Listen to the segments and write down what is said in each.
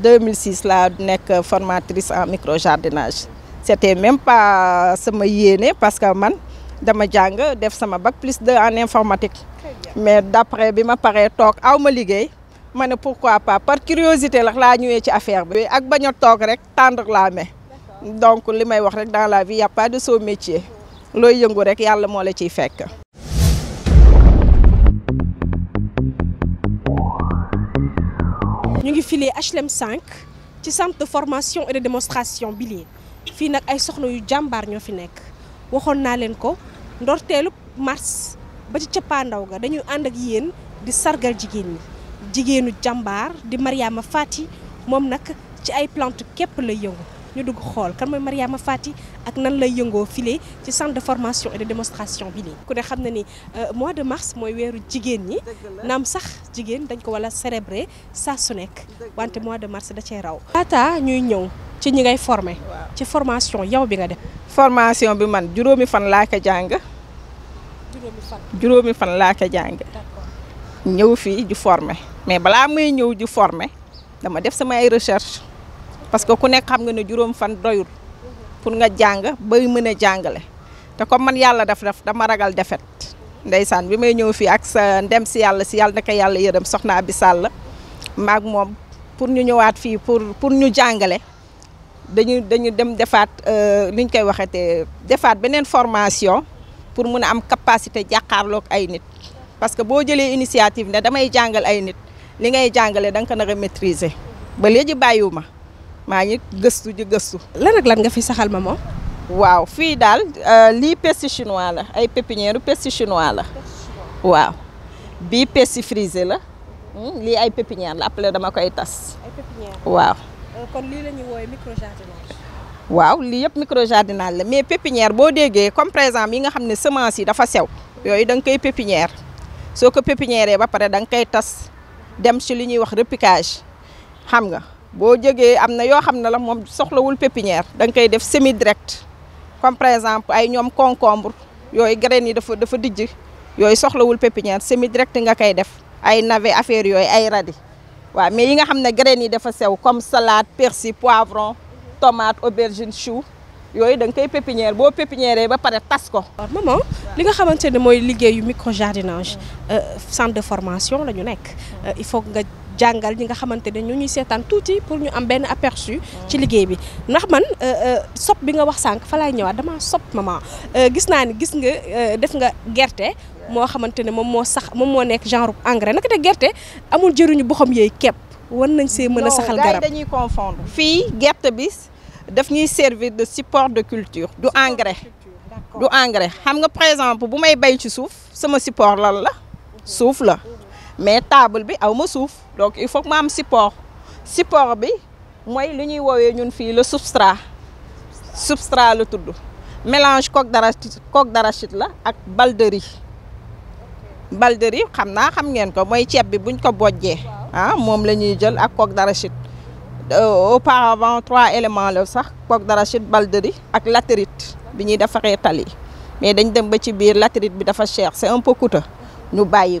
2006 la nek formatrice en micro jardinage c'était même pas sama yéné parce que man dama jang def sama bac plus 2 en informatique mais d'après bima paré tok awma aw mané pas pourquoi pas par curiosité la ñué ci affaire bi ak bañ tok rek tendre la main donc limay wax rek dans la vie il y a pas de saut métier loy yëngu rek yalla mo la ciy fekk filet HLM 5 ci centre de formation et de démonstration bi à ay soxna yu jambar fi mars ba ci ga dañuy and ak di sargal Maria ni jigenu jambar di Mariama Fati mom nak ci ay la ñu Fati ak nan lay yëngoo file ci centre de formation et de démonstration bi ni ku ne xam ni euh, mois de mars moy wéru jigen ni nam sax jigen dañ ko wala célébrer saa su nek wante mois de mars da cey raw ata ñuy ñëw ci ñi ngay former ci formation yow bi nga def formation bi man juróomi fan la ka jang mi fan la ka jang ñëw fi di former mais bala muy ñëw di former dama def sama ay recherche parce que ku nek xam nga ne juróom fan doyul pour nga jàng bay mën a jàngale te comme man yàlla daf daf dama ragal defet ndeysaan bi may ñëw fii ak sa ndem si yàlla si yàlla ko yàlla yërëm soxna Abi Sall maak moom pour ñu ñëwaat fii pour pour ñu jàngale dañu dañu dem defaat euh, ni ñu koy waxatee defaat beneen formation pour mun a am capacité jàkkaarlook ay nit parce que boo jëlee initiative ne damay jàngal ay nit li ngay jàngale da nga ko a maîtriser ba léegi bàyyiwu ma maa ngi gëstu ji gëstu. la ak lan nga fi saxal ma moom. waaw fii daal euh, lii pesti chinois la ay pépinière pesti chinois la. waaw bii pesti frisé la hmm, lii ay pépinière la après dama koy tas. waaw. Euh, kon lii la ñuy lii yëpp micro jardinage la mais pépinière boo déggee comme par exemple yi nga xam ne semence yi dafa sew. yooyu danga koy pépinière soo ko pépinière ba pare danga koy tas dem ci li ñuy wax repiquage xam nga. boo jógee am na yoo xam ne la moom soxlawul pépinière da nga koy def semi direct comme par exemple ay ñoom concombre yooyu graines yi dafa dafa dijj yooyu soxlawul pépinière semi direct nga koy def ay navet affaire yooyu ay radis waaw mais yi nga xam ne graines yi dafa sew comme salade persil poivron tomate aubergine chou yooyu da nga koy pépinière boo pépinière ba pare tas ko. waaw maman li nga xamante ne mooy liggéeyu micro jardinage euh, centre de formation la ñu nekk euh, il faut nga. jàngal ji nga xamante ne ñu ñuy seetaan tuuti pour ñu am benn aperçu ci liggéey bi ndax man euh, euh, sob bi nga wax sànq fa laay ñëwaat damaa sob maman euh, gis naa ni gis nga def nga gerte moo xamante ne moom moo sax moom moo nekk genre engrais naka te gerte amul jëriñu boxam yooyu kepp wan nañ see mën a saxal garab dañuy confondre fii gerte bi daf ñuy servir de support de culture du engrais du engrais xam nga par exemple bu may bay ci suuf sama support lan la suuf la mais table bi aw ma suuf donc il faut que ma am support support bi moy liñuy wowe ñun fi le substrat substrat le tudd mélange coque d'arachide coque d'arachide la ak balderie balderie xamna xam ngeen ko moy ceeb bi buñ ko bojé hein ah, mom lañuy jël ak coque d'arachide euh, auparavant trois éléments la sax coque d'arachide balderie ak latérite biñuy dafa xé tali mais dañ dem ba ci biir latérite bi dafa cher c'est un peu coûteux ñu bàyyi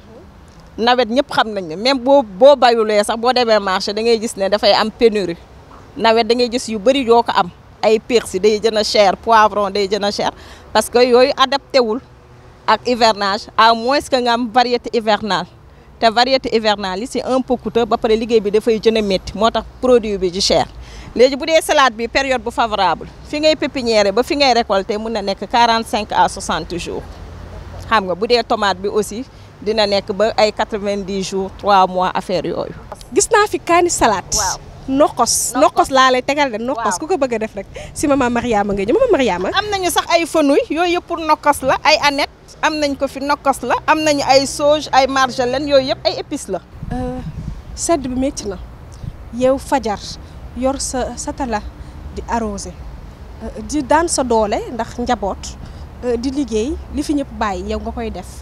nawet ñep xam nañ ne même bo bayu bayulee sax bo demee marché da ngay gis da fay am pénurie nawet da ngay gis yu bari yo ko am ay persi day gën cher poivron day gën a cher parce que yoy adapté wul ak hivernage à moins que nga am variété hivernale ta variété hivernale c'est un peu coûteux ba paré liggéey bi da fay a metti motax produit bi di cher léegi bu dee salade bi période bu favorable fi ngay pépinière ba fi ngay récolter mun na nekk 45 à 60 jours xam nga bu dee tomate bi aussi. dina nek ba ay 90 jours 3 mois affaire yooyu gis na fi kaani salat nokos nokos la lay tegal de nokos kuko beug def rek si mama mariama nga ñu mama mariama am nañu sax ay fenouy yooyu yëpp pour nokos la ay anet am nañ ko fi nokos la am nañu ay sauge ay marjolaine yooyu yep ay épices la euh, sedd bi metti na yow fajar yor sa satala di arroser euh, di dan sa doole ndax njabot euh, di liggéey li fi ñep bay yow nga koy def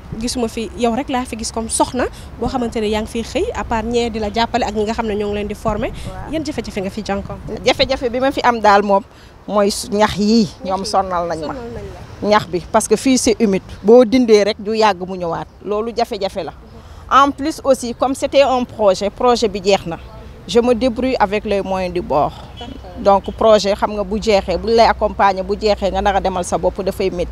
gisuma fi yow rek la fi gis comme soxna bo xamante yang fi xey fiy à part ñe di la jàppale ak nga xamné ñong leen di former yeen jafé jafé nga fi jànkoon jafé jafé bi ma fi am dal mom moy ñax yi ñom sonnal nañ ma ñax bi parce que fi c'est humide bo dindé rek du yag mu ñëwaat lolu jafé jafé la en plus aussi comme c'était un projet projet bi jeex na je me débrouille avec les moyens du bord donc projet xam nga bu jeexee bu lay accompagner bu jeexee nga nar démal demal sa bopp fay métti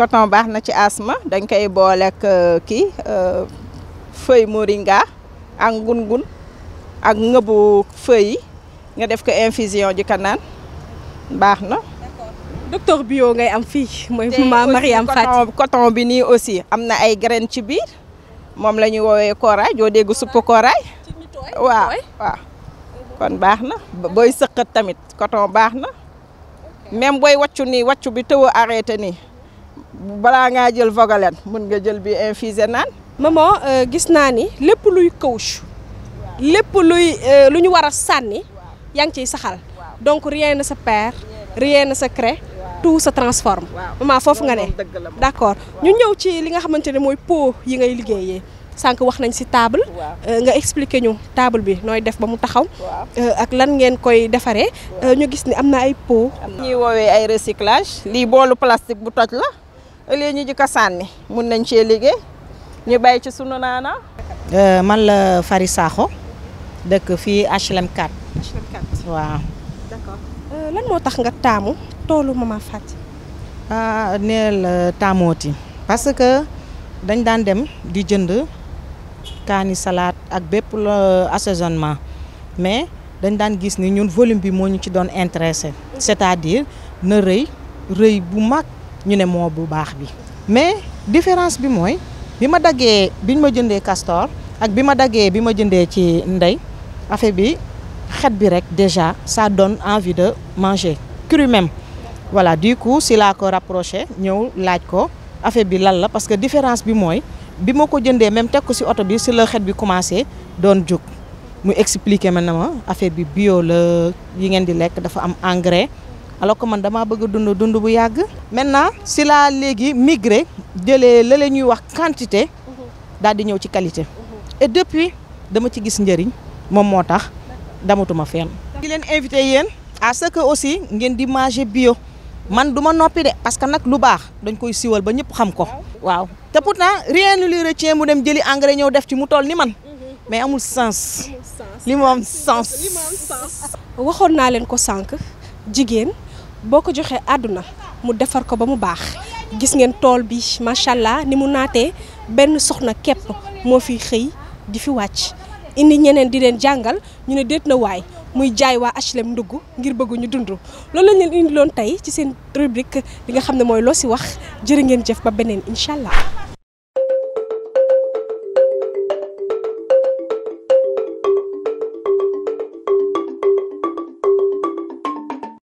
coton baax na ci asma dañ koy bolé ak euh, euh feuille moringa ak ngun-ngun ak ngebu feuille nga def ko infusion ji ka naan na docteur bio ngay am fi moy ma mariam fat coton bi ni aussi amna ay graine ci bir mom lañu wowe woowee jo joo supp kooraay wa mhm. kon baax na booy tamit coton baax même boy waccu ni waccu bi arrêté ni balaa ngaa jël Vogalène mën nga jël bi infusé naan. maman euh, gis naa ni lépp luy couche lépp luy euh, lu ñu war a sànni yaa ngi ciy saxal donc rien ne se perd rien ne se crée tout se transforme maman foofu nga ne d'accord ñu ñëw ci li nga xamante ne mooy pot yi ngay liggéeyee sànq wax nañ ci table euh, nga expliquer ñu table bi nooy def ba mu taxaw ak lan ngeen koy defaree ñu gis ni am na ay pot ñuy woowee ay recyclage lii boolu plastique bu toj la ëllëg ñu di ko sànni mun nañ cee liggéey ñu bay ci sunu naana. Euh, man la Fari Sakho dëkk fii HLM 4. HLM 4 waaw. Euh, lan moo tax nga taamu toolu Mama Faty. ah neel euh, taamooti parce que dañ daan dem di jënd kaani salaat ak bépp assaisonnement mais dañ daan gis ni ñun volume bi moo ñu ci doon intéressé mm-hmm. c'est-à-dire na rëy rëy bu mag. ñu ne moo bu baax bi mais différence bi moy bima dagué daggee biñ ma jëndee castor ak bima dagué bima jëndé ci ndey affaire bi xet bi rek déjà ça donne envie de manger cru même voilà du coup si laa ko rapproché ñew laaj ko affaire bi lan la parce que différence bi moy bima ko jëndé même tek ko si auto bi si le xet bi commencé donne juk mu expliquer ma affaire bi bio le, yi ngeen di lek dafa am engrais alors que man dama bëgg dund dund maintenant migré la la ñuy wax quantité dal di qualité et depuis dama ci gis ndëriñ mom motax damatuma fenn. di len invité à ce que aussi ngeen bio man parce que nak lu baax dañ koy ba xam ko. waaw pourtant rien ne lui retient mu dem jëli engrais ñëw def ci mu toll ni man mais amul sens. li am sens sens. boo ko joxee àdduna mu defar ko ba mu baax gis ngeen tool bi macha allah ni mu naatee benn soxna képp moo fi xëy di fi wàcc indi ñeneen di leen jàngal ñu ne déet na waay muy jaay waa HLM ndugg ngir bëgg ñu dund loolu lañ indi loon tey ci seen rubrique bi nga xam ne mooy loo si wax jëri ngeen jëf ba beneen incha allah.